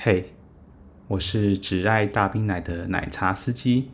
嘿，hey, 我是只愛大冰奶的奶茶司機。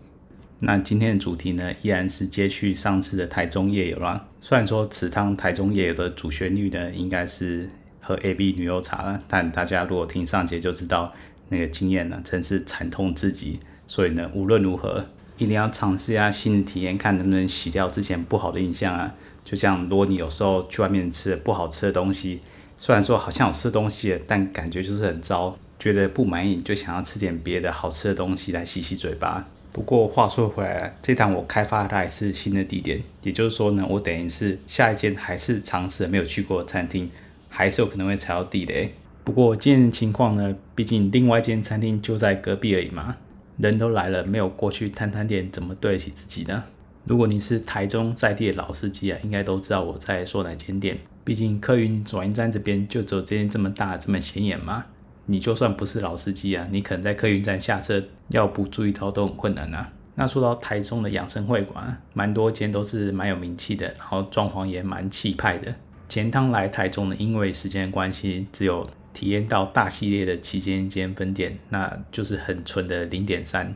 那今天的主題呢，依然是接續上次的台中夜遊啦，啊。雖然說此趟台中夜遊的主旋律呢，應該是喝 AB 女優茶了，但大家如果聽上節就知道，那個經驗了，啊，真是慘痛至極。所以呢，無論如何，一定要嘗試一下新的體驗，看能不能洗掉之前不好的印象啊。就像如果你有時候去外面吃不好吃的東西，雖然說好像有吃東西，但感覺就是很糟。覺得不滿意，就想要吃點別的好吃的東西來洗洗嘴巴。不過話說回來，這趟我開發了它也是新的地點，也就是說呢，我等於是下一間還是嘗試的沒有去過的餐廳，還是有可能會踩到地雷。不過今天情況呢，畢竟另外一間餐廳就在隔壁而已嘛，人都來了，沒有過去探探店，怎麼對得起自己呢？如果您是台中在地的老司機啊，應該都知道我在說哪間店。畢竟客運轉運站這邊就只有這間這麼大、這麼顯眼嘛。你就算不是老司機啊，你可能在客運站下車要不注意到都很困難啊。那說到台中的養生會館、啊，蠻多間都是蠻有名氣的，然後裝潢也蠻氣派的。前趟來台中呢，因為時間關係，只有體驗到大系列的旗艦店分店，那就是很純的零點三，誒、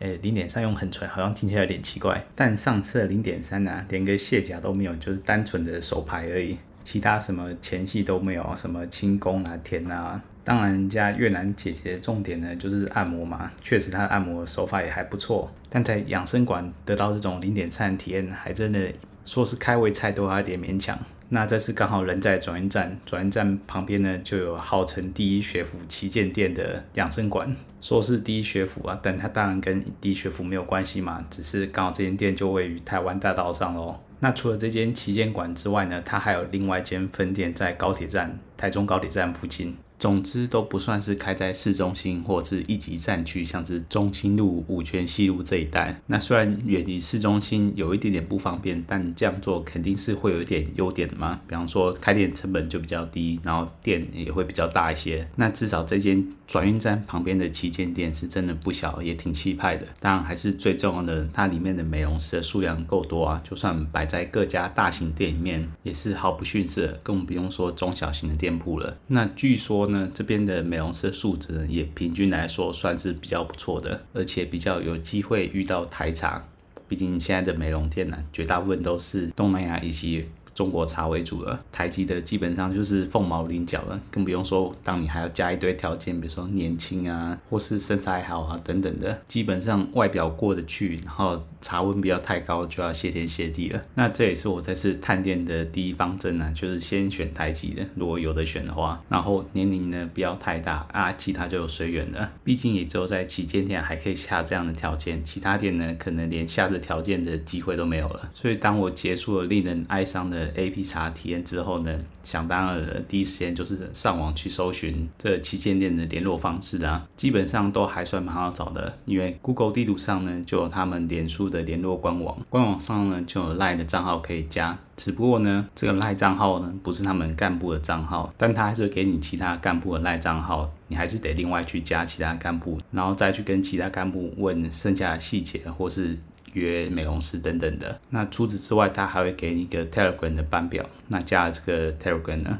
欸，零點三用很純，好像聽起來有點奇怪。但上次的零點三呢，連個卸甲都沒有，就是單純的手牌而已，其他什麼前戲都沒有，什麼輕功啊、甜啊。當然，人家越南姐姐的重點呢，就是按摩嘛，確實她的按摩手法也還不錯。但在養生館得到這種零點餐體驗，還真的說是開胃菜都還有點勉強。那這次剛好人在轉運站，轉運站旁邊呢，就有號稱第一學府旗艦店的養生館，說是第一學府啊，但它當然跟第一學府沒有關係嘛，只是剛好這間店就位於台灣大道上嘍。那除了這間旗艦館之外呢，它還有另外一間分店在高鐵站，台中高鐵站附近。總之都不算是開在市中心或者是一級戰區，像是中清路、五權西路這一帶。那雖然遠離市中心有一點點不方便，但這樣做肯定是會有一點優點嘛。比方說，開店成本就比較低，然後店也會比較大一些。那至少這間轉運站旁邊的旗艦店是真的不小，也挺氣派的。當然，還是最重要的，它裡面的美容師的數量夠多啊。就算擺在各家大型店裡面，也是毫不遜色，更不用說中小型的店鋪了。那據說。那這邊的美容師素質也平均來說算是比較不錯的，而且比較有機會遇到台茶。畢竟現在的美容店呢、啊，絕大部分都是東南亞以及。中國茶為主了，台籍的基本上就是鳳毛麟角了，更不用說當你還要加一堆條件，比如說年輕啊，或是身材好啊等等的，基本上外表過得去，然後茶溫不要太高，就要謝天謝地了。那這也是我這次探店的第一方針呢，就是先選台籍的，如果有的選的話，然後年齡呢不要太大，啊，其他就有隨緣了。畢竟也只有在旗艦店還可以下這樣的條件，其他店呢可能連下這條件的機會都沒有了。所以當我結束了令人哀傷的。A P 查體驗之後呢，想當然的第一時間就是上網去搜尋這旗艦店的聯絡方式啊，基本上都還算蠻好找的，因為 Google 地圖上呢就有他們臉書的聯絡官網，官網上呢就有賴的賬號可以加。只不過呢，這個賴賬號呢不是他們幹部的賬號，但他還是給你其他幹部的賴賬號，你還是得另外去加其他幹部，然後再去跟其他幹部問剩下的細節或是。約美容師等等的。那除此之外，他還會給你一個 Telegram 的班表。那加了這個 Telegram 呢，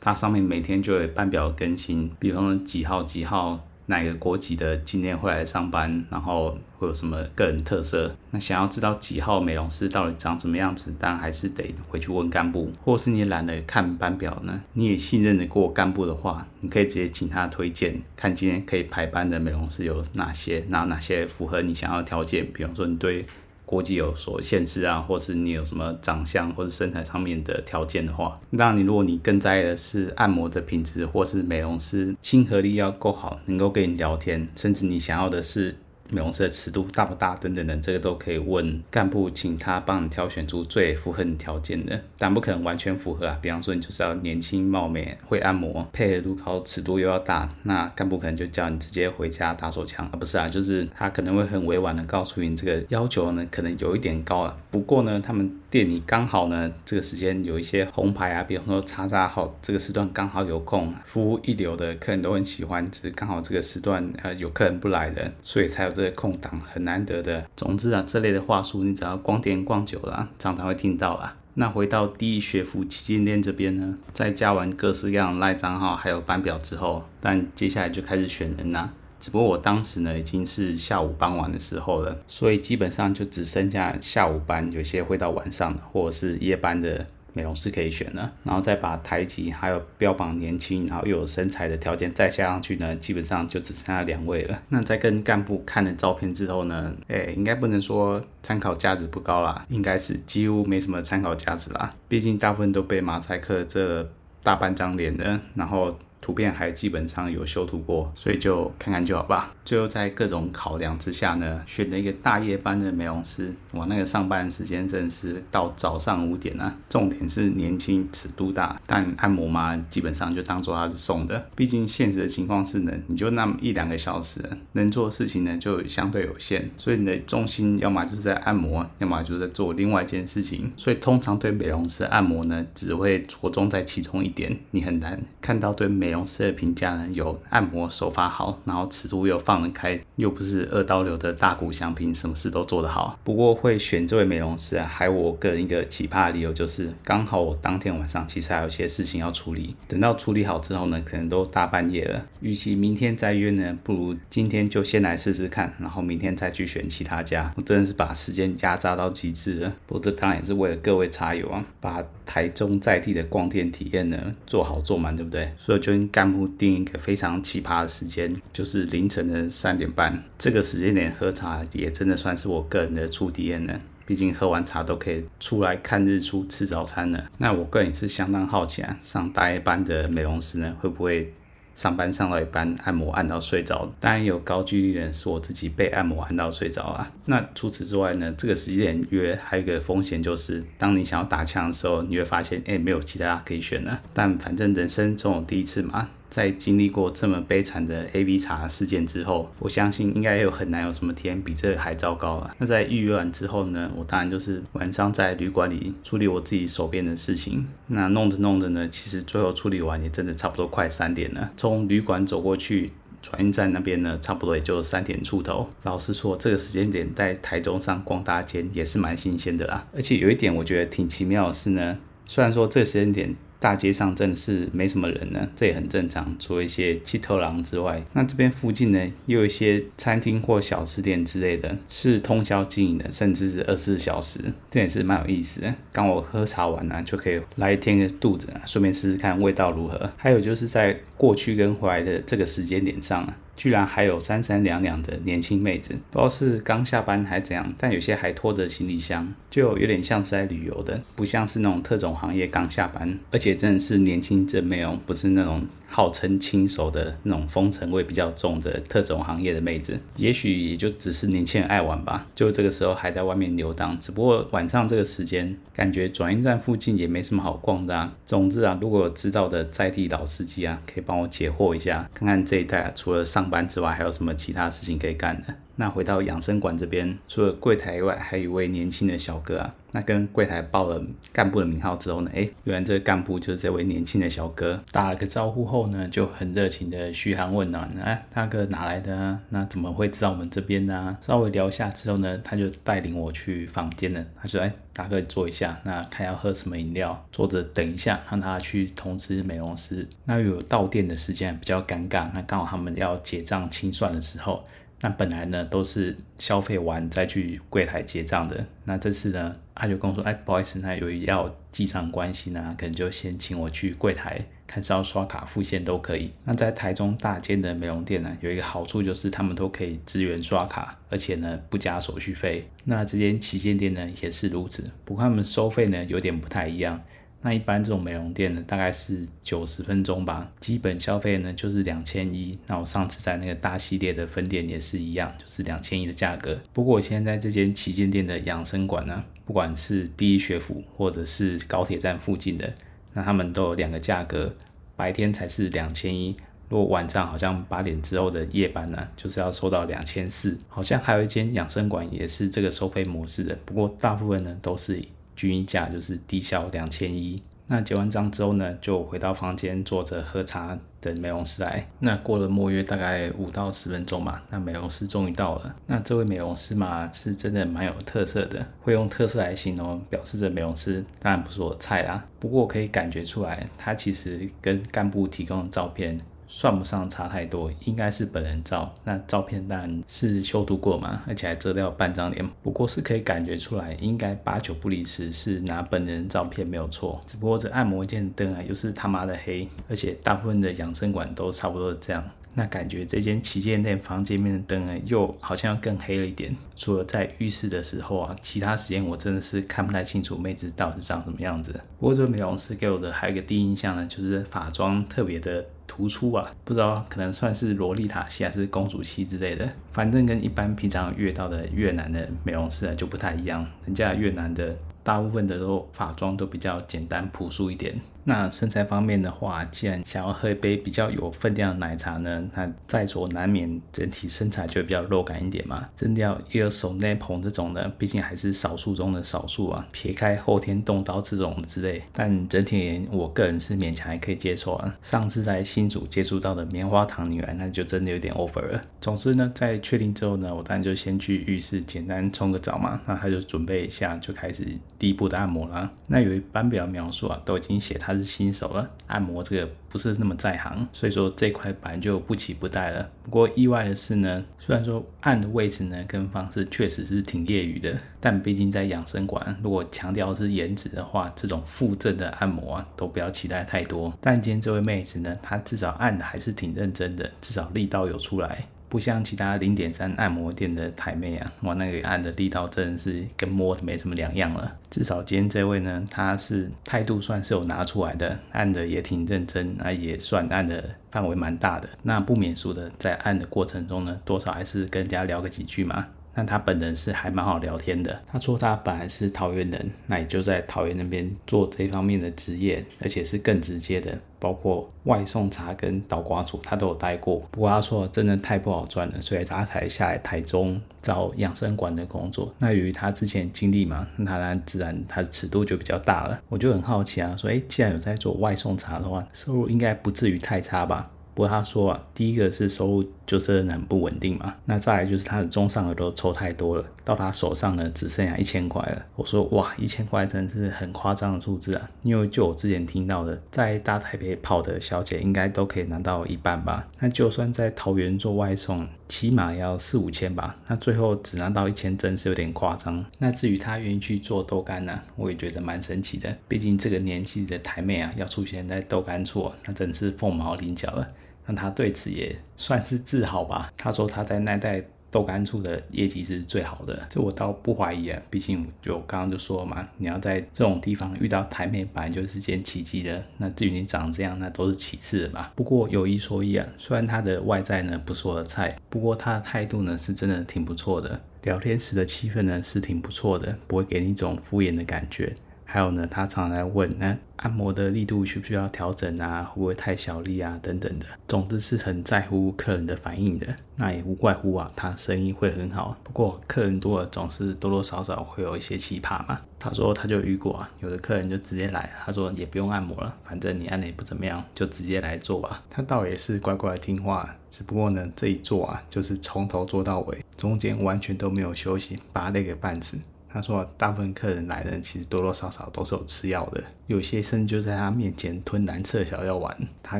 它上面每天就有班表更新。比方說幾號幾號。哪一個國籍的今天會來上班，然後會有什麼個人特色，那想要知道幾號美容師到底長什麼樣子，當然還是得回去問幹部，或是你懶得看班表呢？你也信任得過幹部的話，你可以直接請他推薦，看今天可以排班的美容師有哪些，那哪些符合你想要的條件？比方說你對，國際有所限制啊，或是你有什麼長相或者身材上面的條件的話，那你如果你更在意的是按摩的品質，或是美容師親和力要夠好，能夠跟你聊天，甚至你想要的是。美容師的尺度大不大？等等等，這個都可以問幹部，請他幫你挑選出最符合你條件的。但不可能完全符合啊。比方說，你就是要年輕貌美，會按摩，配合度高，尺度又要大，那幹部可能就叫你直接回家打手槍啊！不是啊，就是他可能會很委婉的告訴你，這個要求呢，可能有一點高了啊。不過呢，他們。店裡剛好呢，這個時間有一些紅牌啊，比如說叉叉號，這個時段剛好有空，服務一流的客人都很喜歡，只是剛好這個時段呃有客人不來人，所以才有這個空檔，很難得的。總之啊，這類的話術你只要逛店逛久了、啊，常常會聽到啦。那回到第一學府旗艦店這邊呢，在加完各式各樣的賴賬號還有班表之後，但接下來就開始選人啦。只不過我當時呢已經是下午傍晚的時候了，所以基本上就只剩下下午班，有些會到晚上的或者是夜班的美容師可以選了。然後再把台籍，還有標榜年輕，然後又有身材的條件再加上去呢，基本上就只剩下兩位了。那在跟幹部看了照片之後呢，哎、欸，應該不能說參考價值不高啦，應該是幾乎沒什麼參考價值啦。畢竟大部分都被馬賽克遮大半張臉的，然後。圖片還基本上有修圖過，所以就看看就好吧。最後在各種考量之下呢，選了一個大夜班的美容師。我那個上班時間真的是到早上五點啊。重點是年輕尺度大，但按摩嘛，基本上就當做他是送的。畢竟現實的情況是呢，能你就那麼一兩個小時，能做的事情呢就相對有限。所以你的重心要麼就是在按摩，要麼就是在做另外一件事情。所以通常對美容師按摩呢，只會着重在其中一點，你很難看到對美。美容師的評價呢，有按摩手法好，然後尺度又放得開，又不是二刀流的大骨相平，什麼事都做得好。不過會選這位美容師啊，還有我個人一個奇葩的理由就是，剛好我當天晚上其實還有一些事情要處理，等到處理好之後呢，可能都大半夜了。與其明天再約呢，不如今天就先來試試看，然後明天再去選其他家。我真的是把時間壓榨到極致了。不過這當然也是為了各位茶友啊，把台中在地的逛店體驗呢做好做滿，對不對？所以就。幹部定一個非常奇葩的時間，就是凌晨的三點半。這個時間點喝茶，也真的算是我個人的初體驗了。畢竟喝完茶都可以出來看日出、吃早餐了。那我個人也是相當好奇啊，上大夜班的美容師呢，會不會，上班上到一半，按摩按到睡着。當然有高幾率人是我自己被按摩按到睡着啊。那除此之外呢？這個時間約還有一個風險就是，當你想要打槍的時候，你會發現，哎，沒有其他可以選了。但反正人生總有第一次嘛。在經歷過這麼悲慘的 AV 茶事件之後，我相信應該有很難有什麼天比這個還糟糕了。那在預約完之後呢，我當然就是晚上在旅館裡處理我自己手邊的事情。那弄着弄着呢，其實最後處理完也真的差不多快三點了。從旅館走過去轉運站那邊呢，差不多也就三點出頭。老實說，這個時間點在台中上逛大街也是蠻新鮮的啦。而且有一點我覺得挺奇妙的是呢，雖然說這個時間點。大街上真的是沒什麼人呢，這也很正常。除了一些七逃人之外，那這邊附近呢，也有一些餐廳或小吃店之類的，是通宵經營的，甚至是二十四小時，這也是蠻有意思的。剛我喝茶完呢，就可以來填個肚子，順便試試看味道如何。還有就是在過去跟回來的這個時間點上啊。居然還有三三兩兩的年輕妹子，不知道是剛下班還是怎樣，但有些還拖着行李箱，就有點像是來旅遊的，不像是那種特種行業剛下班。而且真的是年輕正妹哦，不是那種號稱輕熟的那種風塵味比較重的特種行業的妹子，也許也就只是年輕人愛玩吧。就這個時候還在外面遊蕩，只不過晚上這個時間，感覺轉運站附近也沒什麼好逛的。啊。總之啊，如果有知道的在地老司機啊，可以幫我解惑一下，看看這一帶、啊、除了上。上班之外，還有什麼其他事情可以幹的？那回到養生館這邊，除了櫃檯以外，還有一位年輕的小哥啊。那跟櫃檯報了幹部的名號之後呢，哎，原來這個幹部就是這位年輕的小哥。打了個招呼後呢，就很熱情的噓寒問暖，哎，大哥哪來的啊？那怎麼會知道我們這邊呢？稍微聊一下之後呢，他就帶領我去房間了。他說，哎，大哥你坐一下，那看要喝什麼飲料，坐着等一下，讓他去通知美容師。那有到店的時間比較尷尬，那剛好他們要結賬清算的時候。那本來呢都是消費完再去櫃檯結賬的。那這次呢，他就跟我說：“哎，不好意思，那由於要有記賬關係呢，可能就先請我去櫃檯看是要刷卡、付現都可以。”那在台中大間的美容店呢，有一個好處就是他們都可以支援刷卡，而且呢不加手續費。那這間旗艦店呢也是如此，不過他們收費呢有點不太一樣。那一般這種美容店呢，大概是九十分鐘吧，基本消費呢就是兩千一。那我上次在那個大系列的分店也是一樣，就是兩千一的價格。不過我現在在這間旗艦店的養生館呢、啊，不管是第一學府或者是高鐵站附近的，那他們都有兩個價格，白天才是兩千一。如果晚上好像八點之後的夜班呢、啊，就是要收到兩千四。好像還有一間養生館也是這個收費模式的，不過大部分呢都是。均一價就是低消兩千一，那結完賬之後呢，就回到房間坐着喝茶等美容師來。那過了莫約，大概五到十分鐘嘛，那美容師終於到了。那這位美容師嘛，是真的蠻有特色的，會用特色來形容，表示着美容師當然不是我的菜啦。不過可以感覺出來，他其實跟幹部提供的照片。算不上差太多，應該是本人照。那照片當然是修圖過嘛，而且還遮掉半張臉。不過是可以感覺出來，應該八九不離十是拿本人照片沒有錯。只不過這按摩間燈啊，又是他媽的黑，而且大部分的養生館都差不多這樣。那感覺這間旗艦店房間面的燈呢、啊，又好像要更黑了一點。除了在浴室的時候啊，其他時間我真的是看不太清楚妹子到底是長什麼樣子。不過這位美容師給我的還有一個第一印象呢，就是髮妝特別的。突出啊，不知道可能算是蘿莉塔系還是公主系之類的，反正跟一般平常遇到的越南的美容師啊，就不太一樣，人家越南的大部分的都髮妝都比較簡單樸素一點。那身材方面的話，既然想要喝一杯比較有分量的奶茶呢，那在所難免整體身材就會比較肉感一點嘛。真的要一手拿捧這種的，畢竟還是少數中的少數啊。撇開後天動刀這種之類，但整體我個人是勉強還可以接受啊。上次在新竹接觸到的棉花糖女孩，那就真的有點 over 了。總之呢，在確定之後呢，我當然就先去浴室簡單沖個澡嘛。那他就準備一下，就開始第一步的按摩啦。那有一般表描述啊，都已經寫他。是新手了，按摩這個不是那麼在行，所以說這塊板就不期不待了。不過意外的是呢，雖然說按的位置呢跟方式確實是挺業餘的，但畢竟在養生館，如果強調是顏值的話，這種負正的按摩啊，都不要期待太多。但今天這位妹子呢，她至少按的還是挺認真的，至少力道有出來。不像其他零點三按摩店的台妹啊，我那個按的力道真是跟摸的沒什麼兩樣了。至少今天這位呢，他是態度算是有拿出來的，按的也挺認真，那也算按的範圍蠻大的。那不免俗的，在按的過程中呢，多少還是跟人家聊個幾句嘛。但他本人是還蠻好聊天的。他說他本來是桃園人，那也就在桃園那邊做這方面的職業，而且是更直接的，包括外送茶跟倒瓜組他都有待過。不過他說真的太不好賺了，所以他才下來台中找養生館的工作。那由於他之前經歷嘛，那當然自然他的尺度就比較大了。我就很好奇啊，所以、欸、既然有在做外送茶的話，收入應該不至於太差吧？不過他說啊，第一個是收入就是很不穩定嘛，那再來就是他的中上額都抽太多了，到他手上呢只剩下一千塊了。我說哇，一千塊真的是很誇張的數字啊！因為就我之前聽到的，在大台北跑的小姐應該都可以拿到一半吧？那就算在桃園做外送，起碼要四五千吧？那最後只拿到一千，真是有點誇張。那至於他願意去做豆乾呢、啊，我也覺得蠻神奇的。畢竟這個年紀的台妹啊，要出現在豆乾處、啊，那真的是鳳毛麟角了。那他對此也算是自豪吧。他說他在那帶豆干處的業績是最好的，這我倒不懷疑啊。畢竟就我剛剛就說嘛，你要在這種地方遇到台妹，本來就是件奇蹟的。那至於你長這樣，那都是其次的嘛。不過有一說一啊，雖然他的外在呢不是我的菜，不過他的態度呢是真的挺不錯的。聊天時的氣氛呢是挺不錯的，不會給你一種敷衍的感覺。還有呢，他常常來問，那按摩的力度需不需要調整啊？會不會太小力啊？等等的，總之是很在乎客人的反應的。那也無怪乎啊，他生意會很好。不過客人多了，總是多多少少會有一些奇葩嘛。他說他就遇過啊，有的客人就直接來，他說也不用按摩了，反正你按的也不怎麼樣，就直接來做吧。他倒也是乖乖的聽話啊，只不過呢，這一做啊，就是從頭做到尾，中間完全都沒有休息，把他累個半死。他說，大部分客人來呢，其實多多少少都是有吃藥的，有些甚至就在他面前吞藍色小藥丸，他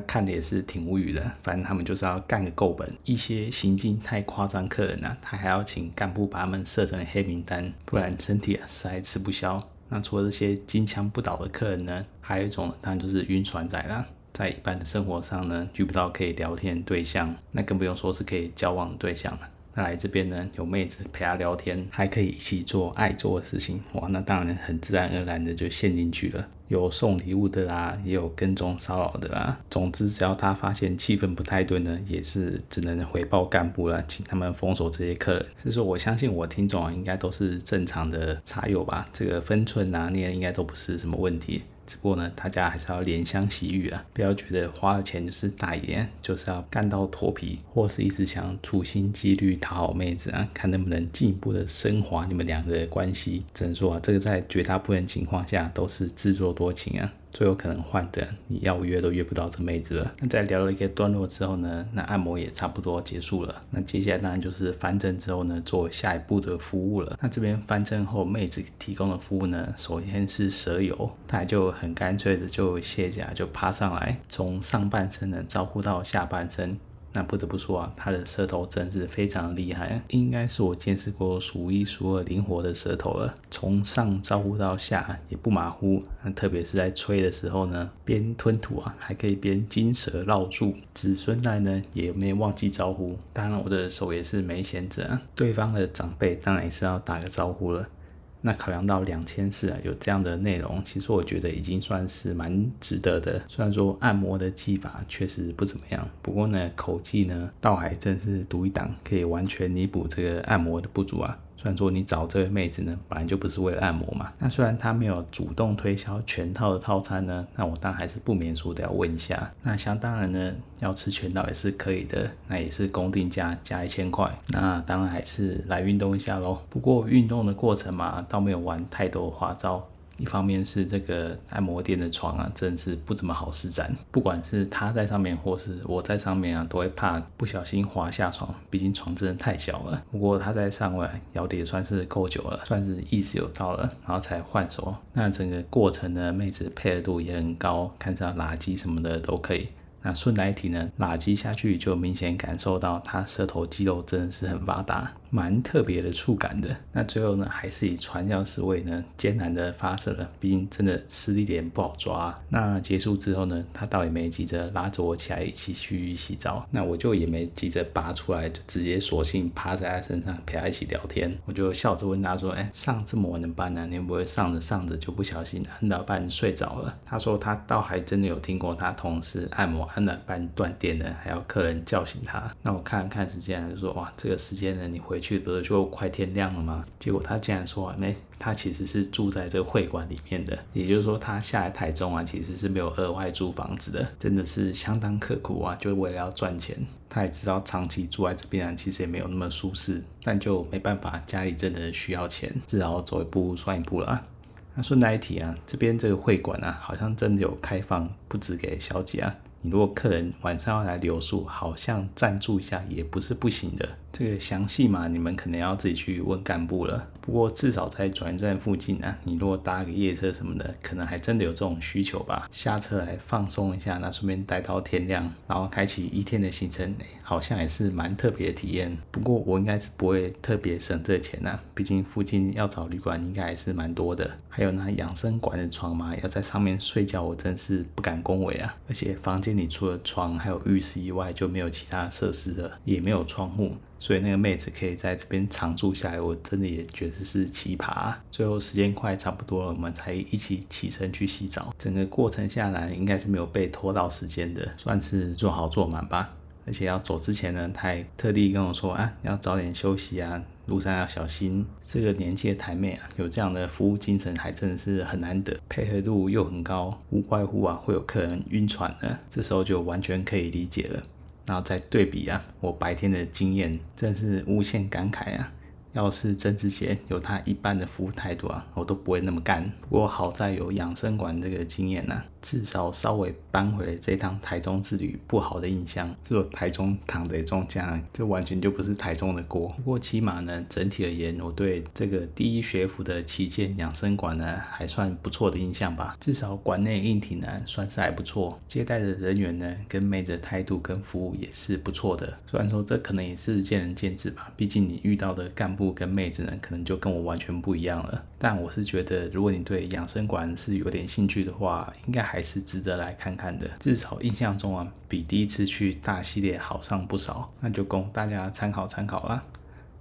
看的也是挺無語的。反正他們就是要幹個夠本。一些行徑太誇張，客人呢、啊，他還要請幹部把他們設成黑名單，不然身體啊實在吃不消。那除了這些金槍不倒的客人呢，還有一種當然就是暈船仔啦。在一般的生活上呢，遇不到可以聊天的對象，那更不用說是可以交往的對象了。來這邊呢，有妹子陪他聊天，還可以一起做愛做的事情，哇，那當然很自然而然的就陷進去了。有送禮物的啦、啊，也有跟蹤騷擾的啦、啊。總之，只要他發現氣氛不太對呢，也是只能回報幹部啦，請他們封鎖這些客人。所以說，我相信我聽眾應該都是正常的茶友吧，這個分寸啊，那些應該都不是什麼問題。只不過呢，大家還是要憐香惜玉啊，不要覺得花了錢就是大爺啊，就是要幹到脫皮，或是一直想處心積慮討好妹子啊，看能不能進一步的升華你們兩個的關係。只能說啊，這個在絕大部分情況下都是自作多情啊。最有可能換的，你要約都約不到這妹子了。那在聊了一個段落之後呢，那按摩也差不多結束了。那接下來當然就是翻正之後呢，做下一步的服務了。那這邊翻正後，妹子提供的服務呢，首先是蛇油，她也就很乾脆的就卸甲就趴上來，從上半身呢招呼到下半身。那不得不說啊，他的舌頭真是非常厲害啊，應該是我見識過數一數二靈活的舌頭了。從上招呼到下啊，也不馬虎。那特別是在吹的時候呢，邊吞吐啊，還可以邊金蛇繞柱。子孫代呢，也沒有忘記招呼。當然，我的手也是沒閒着啊。對方的長輩，當然也是要打個招呼了。那考量到兩千四啊，有這樣的內容，其實我覺得已經算是蠻值得的。雖然說按摩的技法確實不怎麼樣，不過呢，口技呢倒還真是獨一檔，可以完全彌補這個按摩的不足啊。算作，你找這位妹子呢，本來就不是為了按摩嘛。那雖然她沒有主動推銷全套的套餐呢，那我當然還是不免俗的要問一下。那想當然呢，要吃全套也是可以的，那也是公定價加一千塊。那當然還是來運動一下嘍。不過運動的過程嘛，倒沒有玩太多花招。一方面是這個按摩店的床啊，真是不怎麼好施展。不管是他在上面，或是我在上面啊，都會怕不小心滑下床，畢竟床真的太小了。不過他在上面咬的也算是夠久了，算是意思有到了，然後才換手。那整個過程呢，妹子配合度也很高，看上垃圾什麼的都可以。那順帶一提呢，垃圾下去就明顯感受到他舌頭肌肉真的是很發達。蠻特別的觸感的，那最後呢，還是以傳教士位呢艱難的發射了，畢竟真的濕一點不好抓啊。那結束之後呢，他倒也沒急着拉着我起來一起去洗澡，那我就也沒急着拔出來，就直接索性趴在他身上陪他一起聊天。我就笑着問他說：“哎、欸，上這麼晚的班呢、啊，你不會上着上着就不小心按到半睡着了？”他說他倒還真的有聽過，他同事按摩按了半斷電了，還要客人叫醒他。那我看了看時間，就說：“哇，這個時間呢，你回去。”去不是就快天亮了嗎？結果他竟然說啊，哎，他其實是住在這個會館裡面的，也就是說，他下來台中啊，其實是沒有額外租房子的，真的是相當刻苦啊，就為了要賺錢。他也知道長期住在這邊啊，其實也沒有那麼舒適，但就沒辦法，家裡真的需要錢，只好走一步算一步了啊。那順帶一提啊，這邊這個會館啊，好像真的有開放，不止給小姐啊。你如果客人晚上要來留宿，好像暫住一下也不是不行的。這個詳細嘛，你們可能要自己去問幹部了。不過至少在轉運站附近啊，你如果搭個夜車什麼的，可能還真的有這種需求吧。下車來放鬆一下，那順便待到天亮，然後開啟一天的行程，好像也是蠻特別的體驗。不過我應該是不會特別省這錢啊，畢竟附近要找旅館應該還是蠻多的。還有那養生館的床嘛，要在上面睡覺，我真是不敢恭維啊。而且房間。你除了床還有浴室以外，就沒有其他設施了，也沒有窗戶，所以那個妹子可以在這邊常住下來，我真的也覺得是奇葩啊。最後時間快差不多了，我們才一起起身去洗澡。整個過程下來，應該是沒有被拖到時間的，算是做好做滿吧。而且要走之前呢，他還特地跟我說啊，你要早點休息啊。路上要小心，這個年紀的台妹啊，有這樣的服務精神還真的是很難得，配合度又很高，無怪乎啊會有客人暈船了啊，這時候就完全可以理解了。然後再對比啊，我白天的經驗真是無限感慨啊！要是曾志賢有他一般的服務態度啊，我都不會那麼幹。不過好在有養生館這個經驗啊。至少稍微扳回了這趟台中之旅不好的印象。就台中躺著中槍，這完全就不是台中的鍋。不過起碼呢，整體而言，我對這個第一學府的旗艦養生館呢，還算不錯的印象吧。至少館內硬體呢，算是還不錯。接待的人員呢，跟妹子的態度跟服務也是不錯的。雖然說這可能也是見仁見智吧，畢竟你遇到的幹部跟妹子呢，可能就跟我完全不一樣了。但我是覺得，如果你對養生館是有點興趣的話，應該還。還是值得來看看的，至少印象中啊，比第一次去大系列好上不少，那就供大家參考參考啦。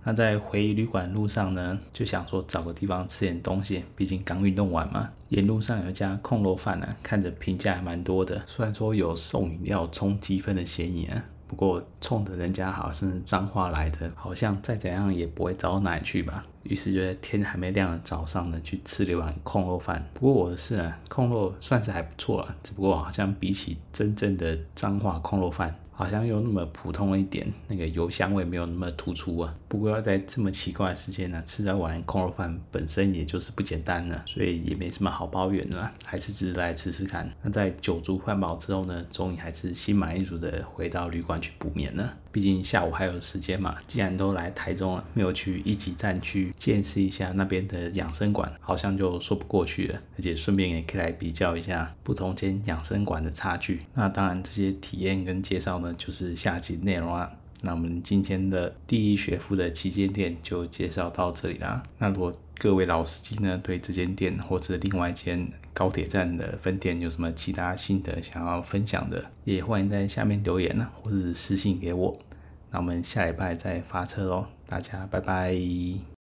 那在回旅館路上呢，就想說找個地方吃點東西，畢竟剛運動完嘛。沿路上有一家控肉飯呢、啊，看着評價還蠻多的，雖然說有送飲料充積分的嫌疑啊。不過衝着人家好像是彰化來的，好像再怎樣也不會差到哪裡去吧。於是就在天還沒亮的早上呢，去吃了一碗控肉飯。不過我的是啊，控肉算是還不錯啦，只不過好像比起真正的彰化控肉飯。好像又那麼普通一點，那個油香味沒有那麼突出啊。不過要在這麼奇怪的時間呢、啊，吃得完控肉飯本身也就是不簡單了，所以也沒什麼好抱怨的，還是只是來吃吃看。那在酒足飯飽之後呢，終於還是心滿意足的回到旅館去補眠了。畢竟下午還有時間嘛，既然都來台中了，沒有去一級戰區見識一下那邊的養生館，好像就說不過去了。而且順便也可以來比較一下不同間養生館的差距。那當然這些體驗跟介紹，那就是下集內容啦。那我們今天的第一學府的旗艦店就介紹到這裡啦。那如果各位老司機呢，對這間店或者另外一間高鐵站的分店有什麼其他心得想要分享的，也歡迎在下面留言呢，或是私信給我。那我們下禮拜再發車哦，大家拜拜。